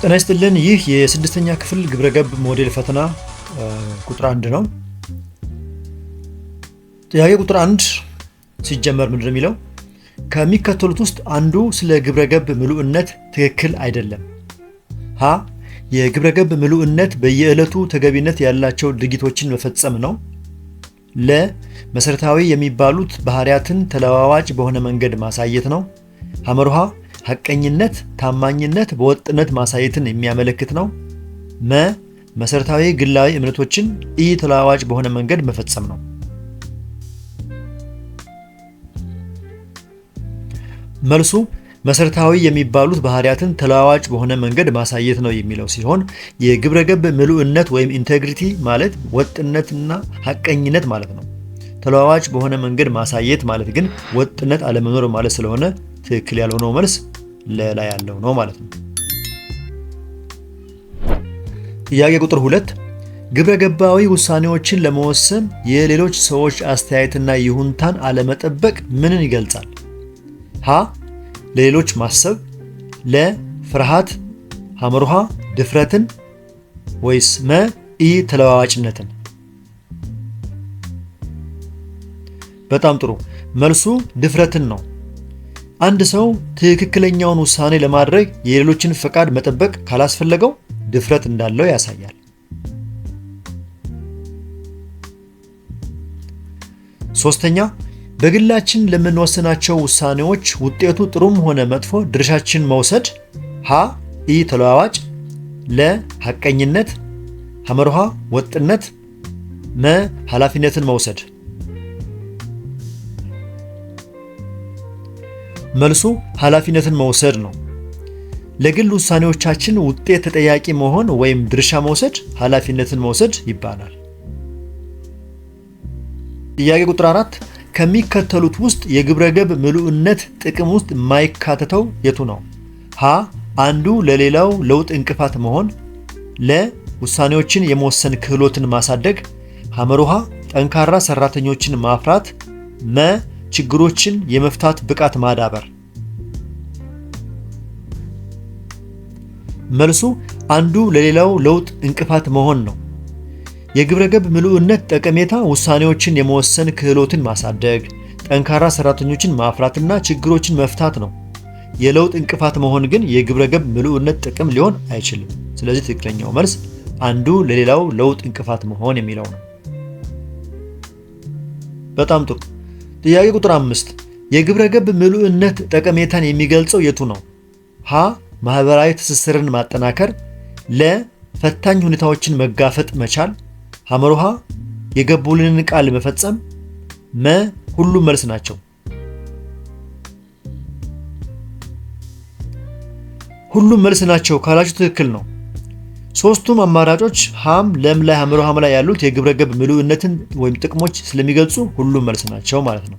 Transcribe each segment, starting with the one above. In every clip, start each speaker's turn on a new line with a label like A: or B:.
A: ጤና ይስጥልን። ይህ የስድስተኛ ክፍል ግብረገብ ሞዴል ፈተና ቁጥር አንድ ነው። ጥያቄ ቁጥር አንድ ሲጀመር ምንድን ነው የሚለው? ከሚከተሉት ውስጥ አንዱ ስለ ግብረገብ ምሉዕነት ትክክል አይደለም። ሀ የግብረገብ ምሉዕነት በየዕለቱ ተገቢነት ያላቸው ድርጊቶችን መፈጸም ነው። ለ መሰረታዊ የሚባሉት ባህሪያትን ተለዋዋጭ በሆነ መንገድ ማሳየት ነው። ሐመር ሐቀኝነት፣ ታማኝነት በወጥነት ማሳየትን የሚያመለክት ነው። መ መሰረታዊ ግላዊ እምነቶችን ኢ ተለዋዋጭ በሆነ መንገድ መፈጸም ነው። መልሱ መሰረታዊ የሚባሉት ባህሪያትን ተለዋዋጭ በሆነ መንገድ ማሳየት ነው የሚለው ሲሆን የግብረገብ ምሉእነት ወይም ኢንቴግሪቲ ማለት ወጥነትና ሐቀኝነት ማለት ነው። ተለዋዋጭ በሆነ መንገድ ማሳየት ማለት ግን ወጥነት አለመኖር ማለት ስለሆነ ትክክል ያልሆነው መልስ ለላይ ያለው ነው ማለት ነው። ጥያቄ ቁጥር ሁለት ግብረ ገባዊ ውሳኔዎችን ለመወሰን የሌሎች ሰዎች አስተያየትና ይሁንታን አለመጠበቅ ምንን ይገልጻል? ሀ ለሌሎች ማሰብ፣ ለ ፍርሃት ሐመርሃ ድፍረትን ወይስ መ ኢ ተለዋዋጭነትን? በጣም ጥሩ መልሱ ድፍረትን ነው። አንድ ሰው ትክክለኛውን ውሳኔ ለማድረግ የሌሎችን ፈቃድ መጠበቅ ካላስፈለገው ድፍረት እንዳለው ያሳያል። ሶስተኛ በግላችን ለምንወስናቸው ውሳኔዎች ውጤቱ ጥሩም ሆነ መጥፎ ድርሻችን መውሰድ ሀ ኢ ተለዋዋጭ ለ ሐቀኝነት ሐመርሃ ወጥነት መ ኃላፊነትን መውሰድ መልሱ ኃላፊነትን መውሰድ ነው። ለግል ውሳኔዎቻችን ውጤት ተጠያቂ መሆን ወይም ድርሻ መውሰድ ኃላፊነትን መውሰድ ይባላል። ጥያቄ ቁጥር አራት ከሚከተሉት ውስጥ የግብረገብ ምሉእነት ጥቅም ውስጥ የማይካተተው የቱ ነው? ሀ አንዱ ለሌላው ለውጥ እንቅፋት መሆን፣ ለ ውሳኔዎችን የመወሰን ክህሎትን ማሳደግ፣ ሐመር ጠንካራ ሰራተኞችን ማፍራት፣ መ ችግሮችን የመፍታት ብቃት ማዳበር። መልሱ አንዱ ለሌላው ለውጥ እንቅፋት መሆን ነው። የግብረገብ ምሉዕነት ጠቀሜታ ውሳኔዎችን የመወሰን ክህሎትን ማሳደግ፣ ጠንካራ ሰራተኞችን ማፍራትና ችግሮችን መፍታት ነው። የለውጥ እንቅፋት መሆን ግን የግብረገብ ምሉዕነት ጥቅም ሊሆን አይችልም። ስለዚህ ትክክለኛው መልስ አንዱ ለሌላው ለውጥ እንቅፋት መሆን የሚለው ነው። በጣም ጥሩ። ጥያቄ ቁጥር አምስት የግብረ ገብ ምሉእነት ጠቀሜታን የሚገልጸው የቱ ነው? ሀ ማህበራዊ ትስስርን ማጠናከር፣ ለ ፈታኝ ሁኔታዎችን መጋፈጥ መቻል፣ ሐመሮሃ የገቡልንን ቃል መፈጸም፣ መ ሁሉም መልስ ናቸው። ሁሉም መልስ ናቸው ካላችሁ ትክክል ነው። ሶስቱም አማራጮች ሀም ለም ላይ ሀምሮ ሀም ላይ ያሉት የግብረገብ ገብ ወይም ጥቅሞች ስለሚገልጹ ሁሉም መልስ ናቸው ማለት ነው።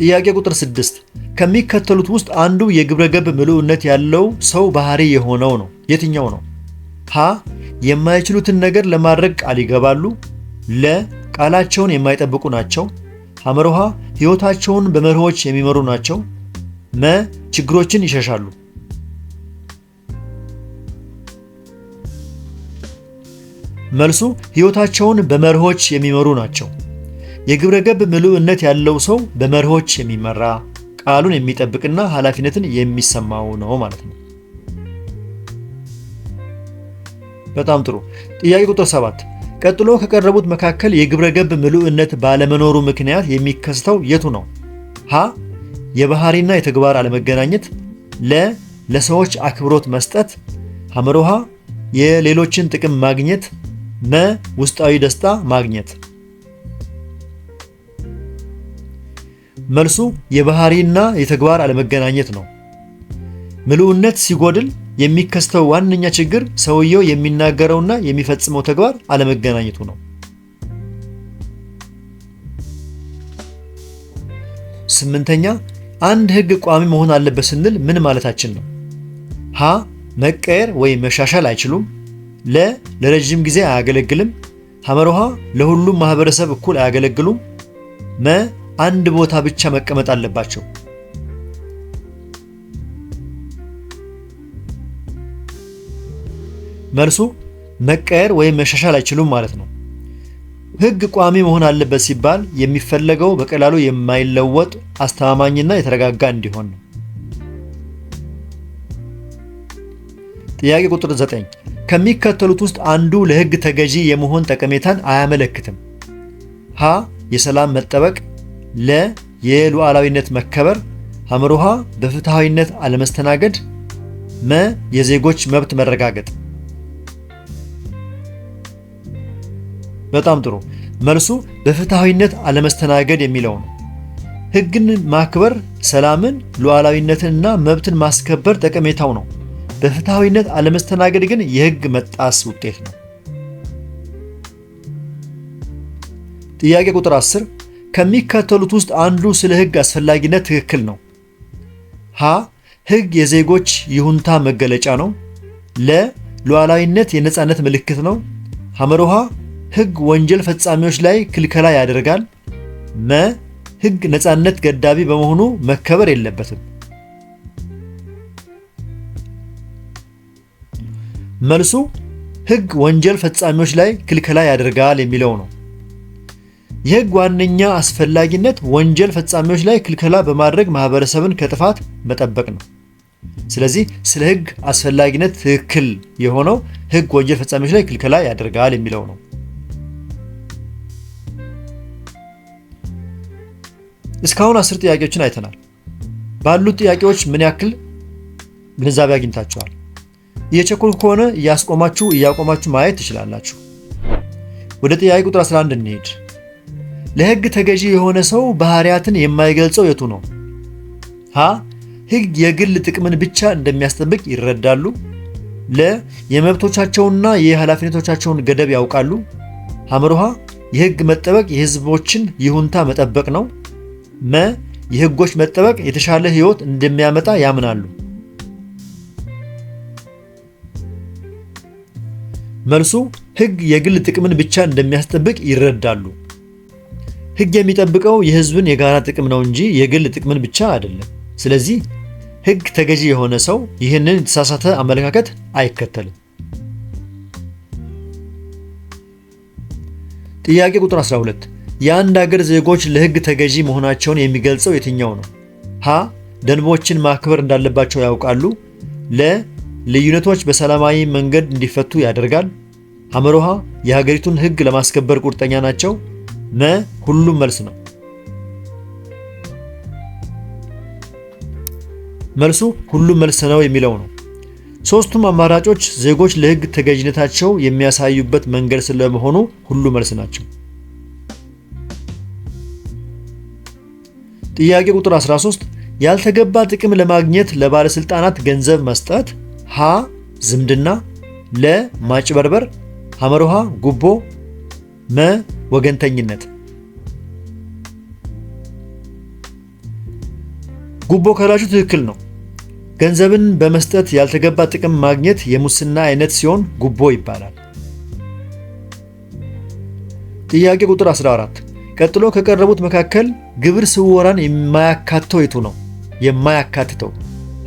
A: ጥያቄ ቁጥር ስድስት ከሚከተሉት ውስጥ አንዱ የግብረ ገብ ያለው ሰው ባህሪ የሆነው ነው የትኛው ነው? ሀ የማይችሉትን ነገር ለማድረግ ቃል ይገባሉ። ለ ቃላቸውን የማይጠብቁ ናቸው። ሐመር ውሃ ሕይወታቸውን በመርሆች የሚመሩ ናቸው። መ ችግሮችን ይሸሻሉ። መልሱ ሕይወታቸውን በመርሆች የሚመሩ ናቸው። የግብረ ገብ ምሉእነት ያለው ሰው በመርሆች የሚመራ ቃሉን የሚጠብቅና ኃላፊነትን የሚሰማው ነው ማለት ነው። በጣም ጥሩ። ጥያቄ ቁጥር 7 ቀጥሎ ከቀረቡት መካከል የግብረ ገብ ምሉእነት ባለመኖሩ ምክንያት የሚከስተው የቱ ነው? ሀ የባህሪና የተግባር አለመገናኘት፣ ለ ለሰዎች አክብሮት መስጠት፣ ሐመር ውሃ የሌሎችን ጥቅም ማግኘት መ ውስጣዊ ደስታ ማግኘት። መልሱ የባህሪና የተግባር አለመገናኘት ነው። ምልኡነት ሲጎድል የሚከስተው ዋነኛ ችግር ሰውየው የሚናገረውና የሚፈጽመው ተግባር አለመገናኘቱ ነው። ስምንተኛ አንድ ህግ ቋሚ መሆን አለበት ስንል ምን ማለታችን ነው? ሀ መቀየር ወይም መሻሻል አይችሉም። ለ ለረዥም ጊዜ አያገለግልም። ሐመርሃ ለሁሉም ማህበረሰብ እኩል አያገለግሉም። መ አንድ ቦታ ብቻ መቀመጥ አለባቸው። መልሱ መቀየር ወይም መሻሻል አይችሉም ማለት ነው። ህግ ቋሚ መሆን አለበት ሲባል የሚፈለገው በቀላሉ የማይለወጥ አስተማማኝና የተረጋጋ እንዲሆን ነው። ጥያቄ ቁጥር 9 ከሚከተሉት ውስጥ አንዱ ለሕግ ተገዢ የመሆን ጠቀሜታን አያመለክትም። ሀ የሰላም መጠበቅ፣ ለ የሉዓላዊነት መከበር፣ አምሮሃ በፍትሐዊነት አለመስተናገድ፣ መ የዜጎች መብት መረጋገጥ። በጣም ጥሩ። መልሱ በፍትሐዊነት አለመስተናገድ የሚለው ነው። ሕግን ማክበር ሰላምን ሉዓላዊነትንና መብትን ማስከበር ጠቀሜታው ነው። በፍትሐዊነት አለመስተናገድ ግን የህግ መጣስ ውጤት ነው። ጥያቄ ቁጥር 10 ከሚከተሉት ውስጥ አንዱ ስለ ህግ አስፈላጊነት ትክክል ነው? ሀ ህግ የዜጎች ይሁንታ መገለጫ ነው። ለ ሉዓላዊነት የነፃነት ምልክት ነው። ሐመሮሃ ህግ ወንጀል ፈጻሚዎች ላይ ክልከላ ያደርጋል። መ ህግ ነፃነት ገዳቢ በመሆኑ መከበር የለበትም። መልሱ ሕግ ወንጀል ፈጻሚዎች ላይ ክልከላ ያደርጋል የሚለው ነው። የሕግ ዋነኛ አስፈላጊነት ወንጀል ፈጻሚዎች ላይ ክልከላ በማድረግ ማህበረሰብን ከጥፋት መጠበቅ ነው። ስለዚህ ስለ ሕግ አስፈላጊነት ትክክል የሆነው ሕግ ወንጀል ፈጻሚዎች ላይ ክልከላ ያደርጋል የሚለው ነው። እስካሁን አስር ጥያቄዎችን አይተናል። ባሉት ጥያቄዎች ምን ያክል ግንዛቤ አግኝታችኋል? እየቸኮልኩ ከሆነ እያስቆማችሁ እያቆማችሁ ማየት ትችላላችሁ። ወደ ጥያቄ ቁጥር 11 እንሄድ። ለሕግ ተገዢ የሆነ ሰው ባህሪያትን የማይገልጸው የቱ ነው? ሀ ሕግ የግል ጥቅምን ብቻ እንደሚያስጠብቅ ይረዳሉ። ለ የመብቶቻቸውና የኃላፊነቶቻቸውን ገደብ ያውቃሉ። ሐመሩሃ የሕግ መጠበቅ የሕዝቦችን ይሁንታ መጠበቅ ነው። መ የሕጎች መጠበቅ የተሻለ ሕይወት እንደሚያመጣ ያምናሉ። መልሱ ህግ የግል ጥቅምን ብቻ እንደሚያስጠብቅ ይረዳሉ። ህግ የሚጠብቀው የህዝብን የጋራ ጥቅም ነው እንጂ የግል ጥቅምን ብቻ አይደለም። ስለዚህ ህግ ተገዢ የሆነ ሰው ይህንን የተሳሳተ አመለካከት አይከተልም። ጥያቄ ቁጥር 12 የአንድ አገር ዜጎች ለህግ ተገዢ መሆናቸውን የሚገልጸው የትኛው ነው? ሀ ደንቦችን ማክበር እንዳለባቸው ያውቃሉ። ለ ልዩነቶች በሰላማዊ መንገድ እንዲፈቱ ያደርጋል። ሐመሮሃ የሀገሪቱን ህግ ለማስከበር ቁርጠኛ ናቸው። መ ሁሉም መልስ ነው። መልሱ ሁሉም መልስ ነው የሚለው ነው። ሶስቱም አማራጮች ዜጎች ለህግ ተገዥነታቸው የሚያሳዩበት መንገድ ስለመሆኑ ሁሉ መልስ ናቸው። ጥያቄ ቁጥር 13 ያልተገባ ጥቅም ለማግኘት ለባለስልጣናት ገንዘብ መስጠት ሀ ዝምድና፣ ለ ማጭበርበር፣ ሐመርሃ ጉቦ፣ መ ወገንተኝነት። ጉቦ ካላችሁ ትክክል ነው። ገንዘብን በመስጠት ያልተገባ ጥቅም ማግኘት የሙስና አይነት ሲሆን ጉቦ ይባላል። ጥያቄ ቁጥር 14 ቀጥሎ ከቀረቡት መካከል ግብር ስወራን የማያካትተው የቱ ነው? የማያካትተው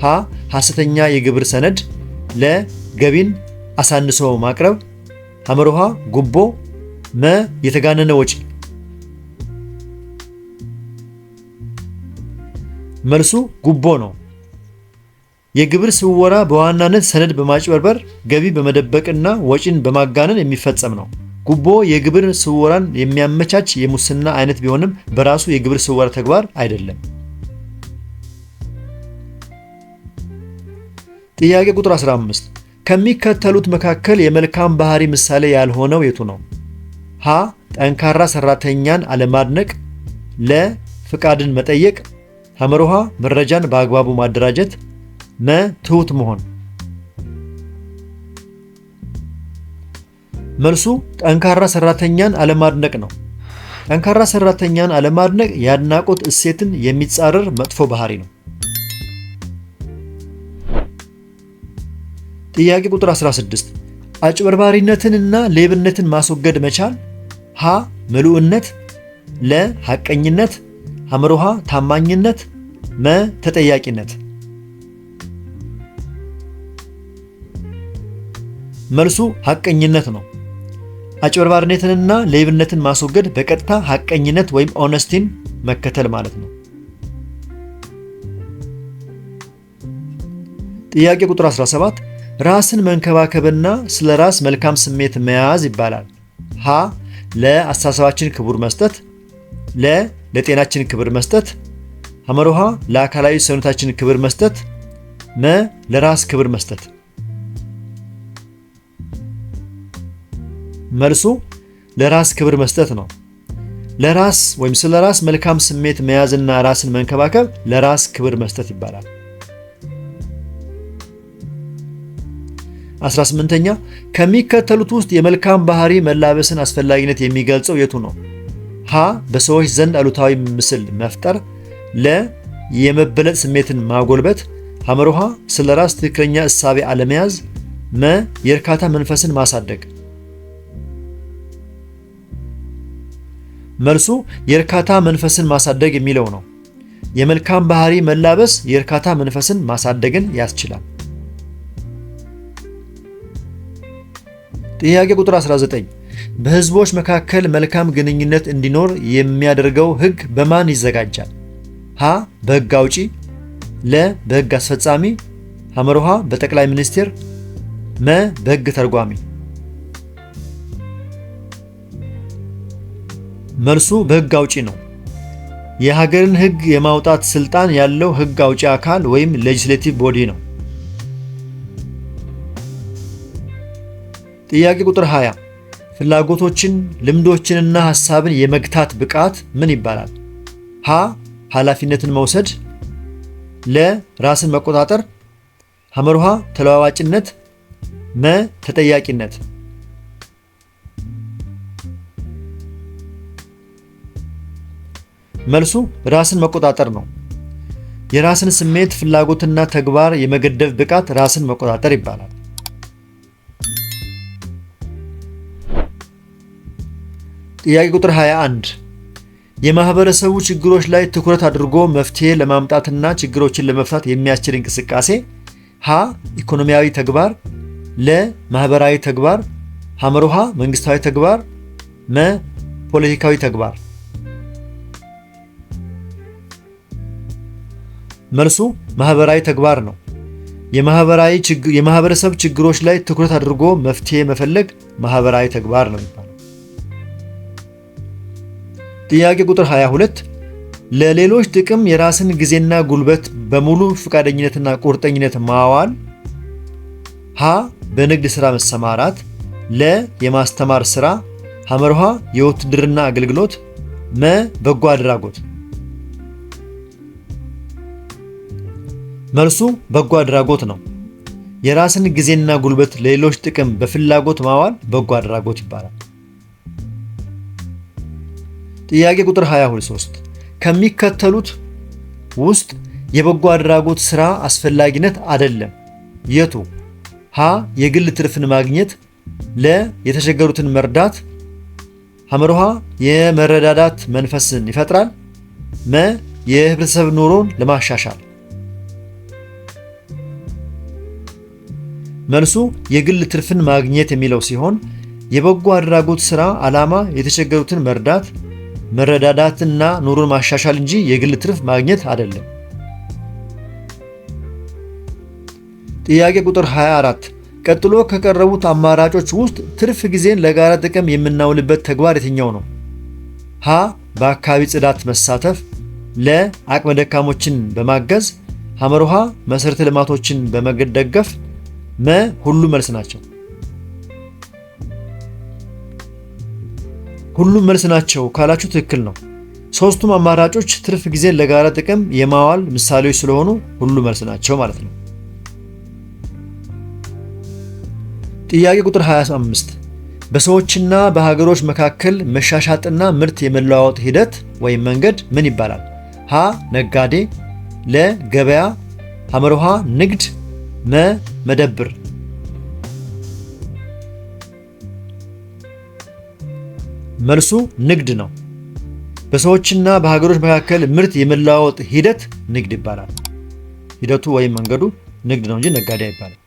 A: ሀ ሐሰተኛ የግብር ሰነድ፣ ለገቢን አሳንሶ ማቅረብ አመርሃ ጉቦ መ የተጋነነ ወጪ መልሱ ጉቦ ነው። የግብር ስወራ በዋናነት ሰነድ በማጭበርበር ገቢ በመደበቅና ወጪን በማጋነን የሚፈጸም ነው። ጉቦ የግብር ስወራን የሚያመቻች የሙስና አይነት ቢሆንም በራሱ የግብር ስወራ ተግባር አይደለም። ጥያቄ ቁጥር 15 ከሚከተሉት መካከል የመልካም ባህሪ ምሳሌ ያልሆነው የቱ ነው? ሀ ጠንካራ ሰራተኛን አለማድነቅ፣ ለ ፍቃድን መጠየቅ፣ ሐመርሃ መረጃን በአግባቡ ማደራጀት፣ መ ትሑት መሆን። መልሱ ጠንካራ ሰራተኛን አለማድነቅ ነው። ጠንካራ ሰራተኛን አለማድነቅ የአድናቆት እሴትን የሚጻረር መጥፎ ባህሪ ነው። ጥያቄ ቁጥር 16 አጭበርባሪነትንና ሌብነትን ማስወገድ መቻል ሀ ምሉዕነት፣ ለ ሐቀኝነት፣ አምሮሃ ታማኝነት፣ መ ተጠያቂነት። መልሱ ሐቀኝነት ነው። አጭበርባሪነትንና ሌብነትን ማስወገድ በቀጥታ ሐቀኝነት ወይም ኦነስቲን መከተል ማለት ነው። ጥያቄ ቁጥር 17 ራስን መንከባከብና ስለ ራስ መልካም ስሜት መያዝ ይባላል። ሀ ለአስተሳሰባችን ክቡር መስጠት፣ ለ ለጤናችን ክብር መስጠት፣ ሐመሮሃ ለአካላዊ ሰውነታችን ክብር መስጠት፣ መ ለራስ ክብር መስጠት። መልሱ ለራስ ክብር መስጠት ነው። ለራስ ወይም ስለ ራስ መልካም ስሜት መያዝና ራስን መንከባከብ ለራስ ክብር መስጠት ይባላል። 18ኛ ከሚከተሉት ውስጥ የመልካም ባህሪ መላበስን አስፈላጊነት የሚገልጸው የቱ ነው? ሀ በሰዎች ዘንድ አሉታዊ ምስል መፍጠር፣ ለ የመበለጥ ስሜትን ማጎልበት፣ ሐመርሃ ስለ ራስ ትክክለኛ እሳቤ አለመያዝ፣ መ የእርካታ መንፈስን ማሳደግ። መልሱ የእርካታ መንፈስን ማሳደግ የሚለው ነው። የመልካም ባህሪ መላበስ የእርካታ መንፈስን ማሳደግን ያስችላል። ጥያቄ ቁጥር 19 በህዝቦች መካከል መልካም ግንኙነት እንዲኖር የሚያደርገው ህግ በማን ይዘጋጃል? ሀ በህግ አውጪ፣ ለ በህግ አስፈጻሚ፣ ሐመርሃ በጠቅላይ ሚኒስቴር መ በህግ ተርጓሚ። መልሱ በህግ አውጪ ነው። የሀገርን ህግ የማውጣት ስልጣን ያለው ህግ አውጪ አካል ወይም ሌጅስሌቲቭ ቦዲ ነው። ጥያቄ ቁጥር 20 ፍላጎቶችን ልምዶችንና ሐሳብን የመግታት ብቃት ምን ይባላል? ሀ ኃላፊነትን መውሰድ፣ ለ ራስን መቆጣጠር፣ ሐመርሃ ተለዋዋጭነት፣ መ ተጠያቂነት። መልሱ ራስን መቆጣጠር ነው። የራስን ስሜት ፍላጎትና ተግባር የመገደብ ብቃት ራስን መቆጣጠር ይባላል። ጥያቄ ቁጥር 21 የማህበረሰቡ ችግሮች ላይ ትኩረት አድርጎ መፍትሄ ለማምጣትና ችግሮችን ለመፍታት የሚያስችል እንቅስቃሴ ሀ ኢኮኖሚያዊ ተግባር ለ ማህበራዊ ተግባር ሐምሮሃ መንግስታዊ ተግባር መ ፖለቲካዊ ተግባር መልሱ ማህበራዊ ተግባር ነው። የማህበረሰብ ችግሮች ላይ ትኩረት አድርጎ መፍትሄ መፈለግ ማህበራዊ ተግባር ነው። ጥያቄ ቁጥር 22 ለሌሎች ጥቅም የራስን ጊዜና ጉልበት በሙሉ ፈቃደኝነትና ቁርጠኝነት ማዋል፣ ሀ በንግድ ሥራ መሰማራት፣ ለ የማስተማር ሥራ፣ ሐመርሃ የውትድርና አገልግሎት፣ መ በጎ አድራጎት። መልሱ በጎ አድራጎት ነው። የራስን ጊዜና ጉልበት ለሌሎች ጥቅም በፍላጎት ማዋል በጎ አድራጎት ይባላል። ጥያቄ ቁጥር 23 ከሚከተሉት ውስጥ የበጎ አድራጎት ስራ አስፈላጊነት አይደለም የቱ? ሀ የግል ትርፍን ማግኘት፣ ለ የተቸገሩትን መርዳት፣ ሐመርሃ የመረዳዳት መንፈስን ይፈጥራል፣ መ የህብረተሰብ ኑሮን ለማሻሻል። መልሱ የግል ትርፍን ማግኘት የሚለው ሲሆን የበጎ አድራጎት ስራ ዓላማ የተቸገሩትን መርዳት መረዳዳትና ኑሮን ማሻሻል እንጂ የግል ትርፍ ማግኘት አይደለም። ጥያቄ ቁጥር 24 ቀጥሎ ከቀረቡት አማራጮች ውስጥ ትርፍ ጊዜን ለጋራ ጥቅም የምናውልበት ተግባር የትኛው ነው? ሀ በአካባቢ ጽዳት መሳተፍ፣ ለ አቅመ ደካሞችን በማገዝ፣ ሐመር ውሃ መሠረተ ልማቶችን በመደገፍ፣ መ ሁሉ መልስ ናቸው። ሁሉም መልስ ናቸው ካላችሁ ትክክል ነው። ሶስቱም አማራጮች ትርፍ ጊዜን ለጋራ ጥቅም የማዋል ምሳሌዎች ስለሆኑ ሁሉ መልስ ናቸው ማለት ነው። ጥያቄ ቁጥር 25 በሰዎችና በሀገሮች መካከል መሻሻጥና ምርት የመለዋወጥ ሂደት ወይም መንገድ ምን ይባላል? ሀ ነጋዴ፣ ለ ገበያ፣ ሐመርሃ ንግድ፣ መ መደብር መልሱ ንግድ ነው። በሰዎችና በሀገሮች መካከል ምርት የመለዋወጥ ሂደት ንግድ ይባላል። ሂደቱ ወይም መንገዱ ንግድ ነው እንጂ ነጋዴ አይባልም።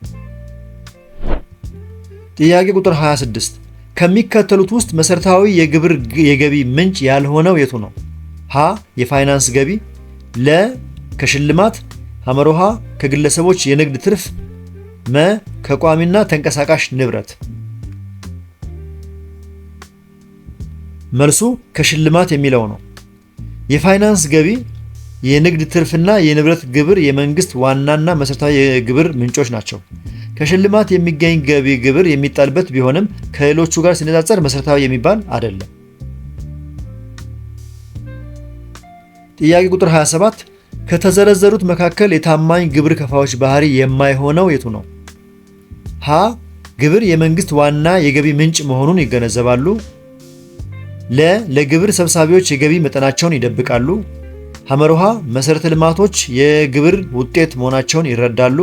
A: ጥያቄ ቁጥር 26 ከሚከተሉት ውስጥ መሰረታዊ የግብር የገቢ ምንጭ ያልሆነው የቱ ነው? ሀ የፋይናንስ ገቢ፣ ለ ከሽልማት፣ ሐመሮሃ ከግለሰቦች የንግድ ትርፍ፣ መ ከቋሚና ተንቀሳቃሽ ንብረት መልሱ ከሽልማት የሚለው ነው። የፋይናንስ ገቢ፣ የንግድ ትርፍና የንብረት ግብር የመንግስት ዋናና መሠረታዊ የግብር ምንጮች ናቸው። ከሽልማት የሚገኝ ገቢ ግብር የሚጣልበት ቢሆንም ከሌሎቹ ጋር ሲነጻጸር መሠረታዊ የሚባል አይደለም። ጥያቄ ቁጥር 27 ከተዘረዘሩት መካከል የታማኝ ግብር ከፋዮች ባህሪ የማይሆነው የቱ ነው? ሀ ግብር የመንግስት ዋና የገቢ ምንጭ መሆኑን ይገነዘባሉ። ለ ለግብር ሰብሳቢዎች የገቢ መጠናቸውን ይደብቃሉ። ሐመርሃ መሰረተ ልማቶች የግብር ውጤት መሆናቸውን ይረዳሉ።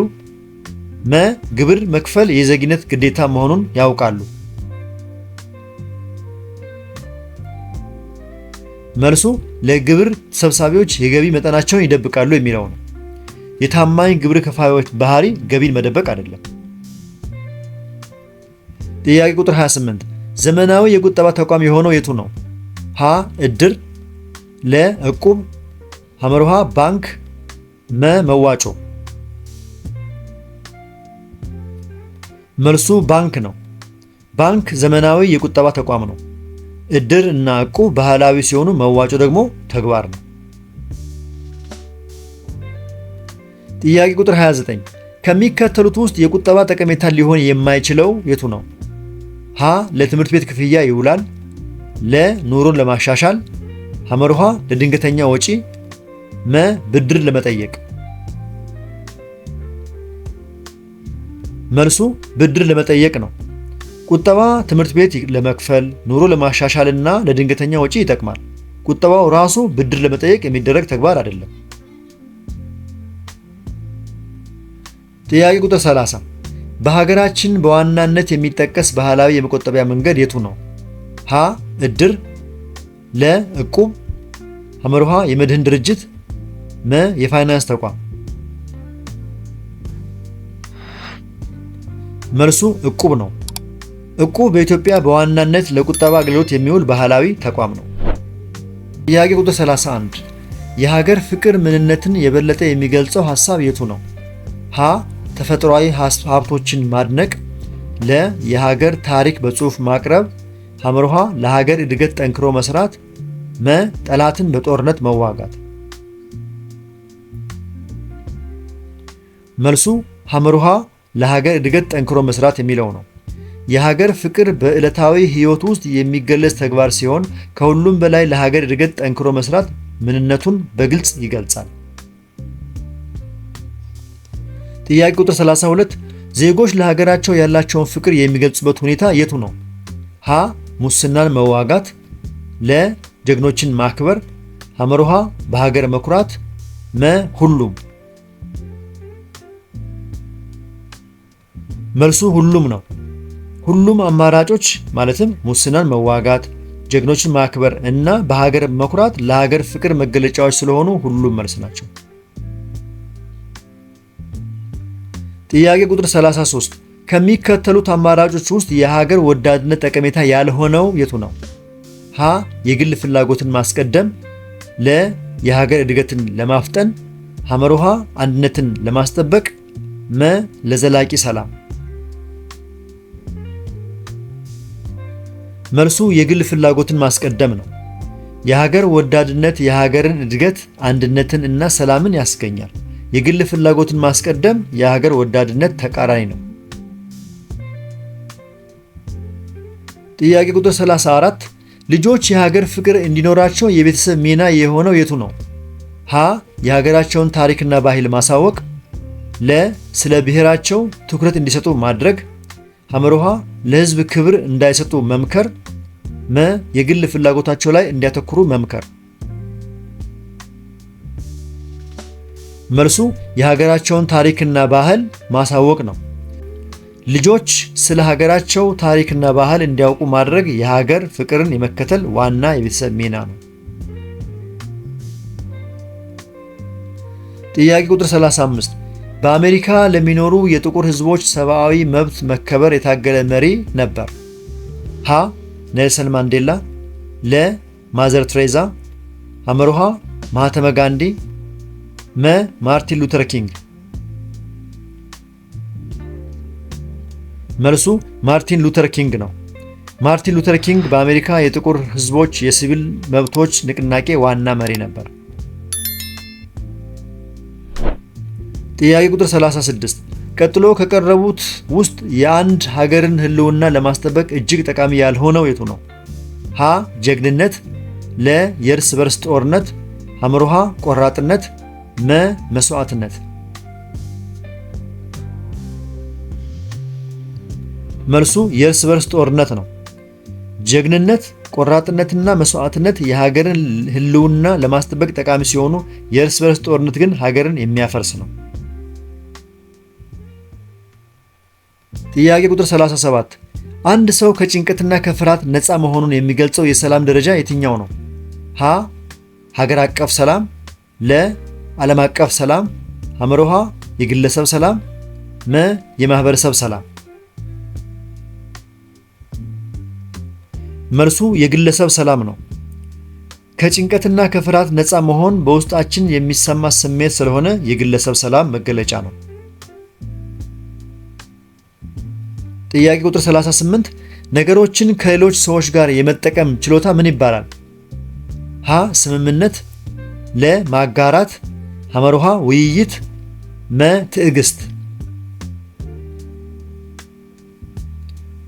A: መ ግብር መክፈል የዜግነት ግዴታ መሆኑን ያውቃሉ። መልሱ ለግብር ሰብሳቢዎች የገቢ መጠናቸውን ይደብቃሉ የሚለው ነው። የታማኝ ግብር ከፋዮች ባህሪ ገቢን መደበቅ አይደለም። ጥያቄ ቁጥር 28 ዘመናዊ የቁጠባ ተቋም የሆነው የቱ ነው? ሀ እድር፣ ለ እቁብ፣ ሐመርሃ ባንክ፣ መ መዋጮ። መልሱ ባንክ ነው። ባንክ ዘመናዊ የቁጠባ ተቋም ነው። እድር እና እቁብ ባህላዊ ሲሆኑ፣ መዋጮ ደግሞ ተግባር ነው። ጥያቄ ቁጥር 29 ከሚከተሉት ውስጥ የቁጠባ ጠቀሜታ ሊሆን የማይችለው የቱ ነው? ሀ ለትምህርት ቤት ክፍያ ይውላል። ለ ኑሮን ለማሻሻል ሐመርኋ ለድንገተኛ ወጪ መ ብድር ለመጠየቅ መልሱ ብድር ለመጠየቅ ነው። ቁጠባ ትምህርት ቤት ለመክፈል ኑሮ ለማሻሻል እና ለድንገተኛ ወጪ ይጠቅማል። ቁጠባው ራሱ ብድር ለመጠየቅ የሚደረግ ተግባር አይደለም። ጥያቄ ቁጥር 30 በሀገራችን በዋናነት የሚጠቀስ ባህላዊ የመቆጠቢያ መንገድ የቱ ነው? ሀ እድር፣ ለ እቁብ፣ ሐመርሃ የመድህን ድርጅት፣ መ የፋይናንስ ተቋም። መልሱ እቁብ ነው። እቁብ በኢትዮጵያ በዋናነት ለቁጠባ አገልግሎት የሚውል ባህላዊ ተቋም ነው። ጥያቄ ቁጥር 31 የሀገር ፍቅር ምንነትን የበለጠ የሚገልጸው ሀሳብ የቱ ነው? ሀ ተፈጥሯዊ ሀብቶችን ማድነቅ፣ ለ የሀገር ታሪክ በጽሁፍ ማቅረብ፣ ሐመርሃ ለሀገር እድገት ጠንክሮ መስራት፣ መ ጠላትን በጦርነት መዋጋት። መልሱ ሐመርሃ ለሀገር እድገት ጠንክሮ መስራት የሚለው ነው። የሀገር ፍቅር በዕለታዊ ህይወት ውስጥ የሚገለጽ ተግባር ሲሆን ከሁሉም በላይ ለሀገር እድገት ጠንክሮ መስራት ምንነቱን በግልጽ ይገልጻል። ጥያቄ ቁጥር 32 ዜጎች ለሀገራቸው ያላቸውን ፍቅር የሚገልጹበት ሁኔታ የቱ ነው? ሀ ሙስናን መዋጋት፣ ለ ጀግኖችን ማክበር፣ አመርሃ በሀገር መኩራት፣ መ ሁሉም። መልሱ ሁሉም ነው። ሁሉም አማራጮች ማለትም ሙስናን መዋጋት፣ ጀግኖችን ማክበር እና በሀገር መኩራት ለሀገር ፍቅር መገለጫዎች ስለሆኑ ሁሉም መልስ ናቸው። ጥያቄ ቁጥር 33 ከሚከተሉት አማራጮች ውስጥ የሀገር ወዳድነት ጠቀሜታ ያልሆነው የቱ ነው? ሀ የግል ፍላጎትን ማስቀደም፣ ለ የሀገር እድገትን ለማፍጠን፣ ሐመርሃ አንድነትን ለማስጠበቅ፣ መ ለዘላቂ ሰላም። መልሱ የግል ፍላጎትን ማስቀደም ነው። የሀገር ወዳድነት የሀገርን እድገት አንድነትን እና ሰላምን ያስገኛል። የግል ፍላጎትን ማስቀደም የሀገር ወዳድነት ተቃራኒ ነው። ጥያቄ ቁጥር 34 ልጆች የሀገር ፍቅር እንዲኖራቸው የቤተሰብ ሚና የሆነው የቱ ነው? ሀ የሀገራቸውን ታሪክና ባህል ማሳወቅ፣ ለ ስለ ብሔራቸው ትኩረት እንዲሰጡ ማድረግ፣ አምሮሃ ለህዝብ ክብር እንዳይሰጡ መምከር፣ መ የግል ፍላጎታቸው ላይ እንዲያተኩሩ መምከር መልሱ የሀገራቸውን ታሪክና ባህል ማሳወቅ ነው። ልጆች ስለ ሀገራቸው ታሪክና ባህል እንዲያውቁ ማድረግ የሀገር ፍቅርን የመከተል ዋና የቤተሰብ ሚና ነው። ጥያቄ ቁጥር 35 በአሜሪካ ለሚኖሩ የጥቁር ህዝቦች ሰብአዊ መብት መከበር የታገለ መሪ ነበር። ሀ ኔልሰን ማንዴላ፣ ለ ማዘር ትሬዛ፣ አምሮሃ ማህተመ ጋንዲ መ ማርቲን ሉተር ኪንግ። መልሱ ማርቲን ሉተር ኪንግ ነው። ማርቲን ሉተር ኪንግ በአሜሪካ የጥቁር ሕዝቦች የሲቪል መብቶች ንቅናቄ ዋና መሪ ነበር። ጥያቄ ቁጥር 36 ቀጥሎ ከቀረቡት ውስጥ የአንድ ሀገርን ህልውና ለማስጠበቅ እጅግ ጠቃሚ ያልሆነው የቱ ነው? ሀ ጀግንነት፣ ለ የእርስ በርስ ጦርነት፣ ሐ ቆራጥነት መ መስዋዕትነት መልሱ የእርስ በርስ ጦርነት ነው። ጀግንነት፣ ቆራጥነትና መስዋዕትነት የሀገርን ህልውና ለማስጠበቅ ጠቃሚ ሲሆኑ የእርስ በርስ ጦርነት ግን ሀገርን የሚያፈርስ ነው። ጥያቄ ቁጥር 37 አንድ ሰው ከጭንቀትና ከፍርሃት ነፃ መሆኑን የሚገልጸው የሰላም ደረጃ የትኛው ነው? ሀ ሀገር አቀፍ ሰላም፣ ለ ዓለም አቀፍ ሰላም አምሮሃ የግለሰብ ሰላም መ የማህበረሰብ ሰላም መልሱ የግለሰብ ሰላም ነው። ከጭንቀትና ከፍርሃት ነፃ መሆን በውስጣችን የሚሰማ ስሜት ስለሆነ የግለሰብ ሰላም መገለጫ ነው። ጥያቄ ቁጥር 38 ነገሮችን ከሌሎች ሰዎች ጋር የመጠቀም ችሎታ ምን ይባላል? ሀ ስምምነት፣ ለ ማጋራት፣ ሐመርሃ ውይይት መ ትዕግስት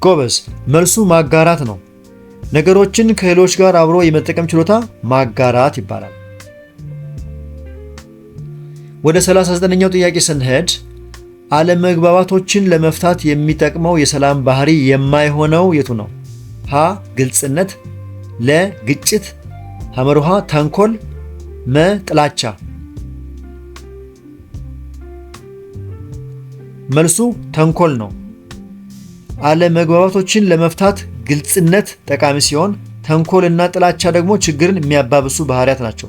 A: ጎበዝ። መልሱ ማጋራት ነው። ነገሮችን ከሌሎች ጋር አብሮ የመጠቀም ችሎታ ማጋራት ይባላል። ወደ 39ኛው ጥያቄ ስንሄድ አለመግባባቶችን ለመፍታት የሚጠቅመው የሰላም ባህሪ የማይሆነው የቱ ነው? ሀ ግልጽነት፣ ለ ግጭት፣ ሐመርሃ ተንኮል፣ መ ጥላቻ መልሱ ተንኮል ነው። አለመግባባቶችን ለመፍታት ግልጽነት ጠቃሚ ሲሆን ተንኮል እና ጥላቻ ደግሞ ችግርን የሚያባብሱ ባህሪያት ናቸው።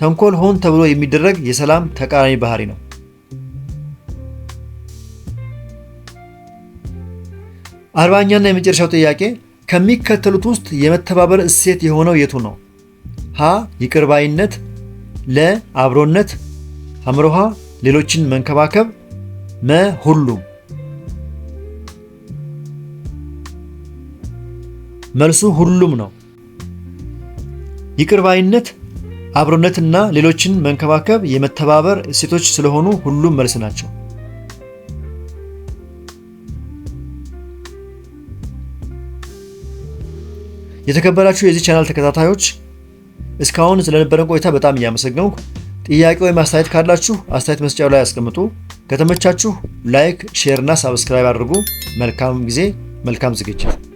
A: ተንኮል ሆን ተብሎ የሚደረግ የሰላም ተቃራኒ ባህሪ ነው። አርባኛና የመጨረሻው ጥያቄ ከሚከተሉት ውስጥ የመተባበር እሴት የሆነው የቱ ነው? ሀ ይቅርባይነት፣ ለ አብሮነት፣ አምሮሃ ሌሎችን መንከባከብ መ ሁሉም መልሱ ሁሉም ነው። ይቅርባይነት አብሮነትና ሌሎችን መንከባከብ የመተባበር እሴቶች ስለሆኑ ሁሉም መልስ ናቸው። የተከበራችሁ የዚህ ቻናል ተከታታዮች እስካሁን ስለነበረን ቆይታ በጣም እያመሰገንኩ ጥያቄ ወይም አስተያየት ካላችሁ አስተያየት መስጫው ላይ አስቀምጡ። ከተመቻችሁ ላይክ፣ ሼር እና ሳብስክራይብ አድርጉ። መልካም ጊዜ፣ መልካም ዝግጅት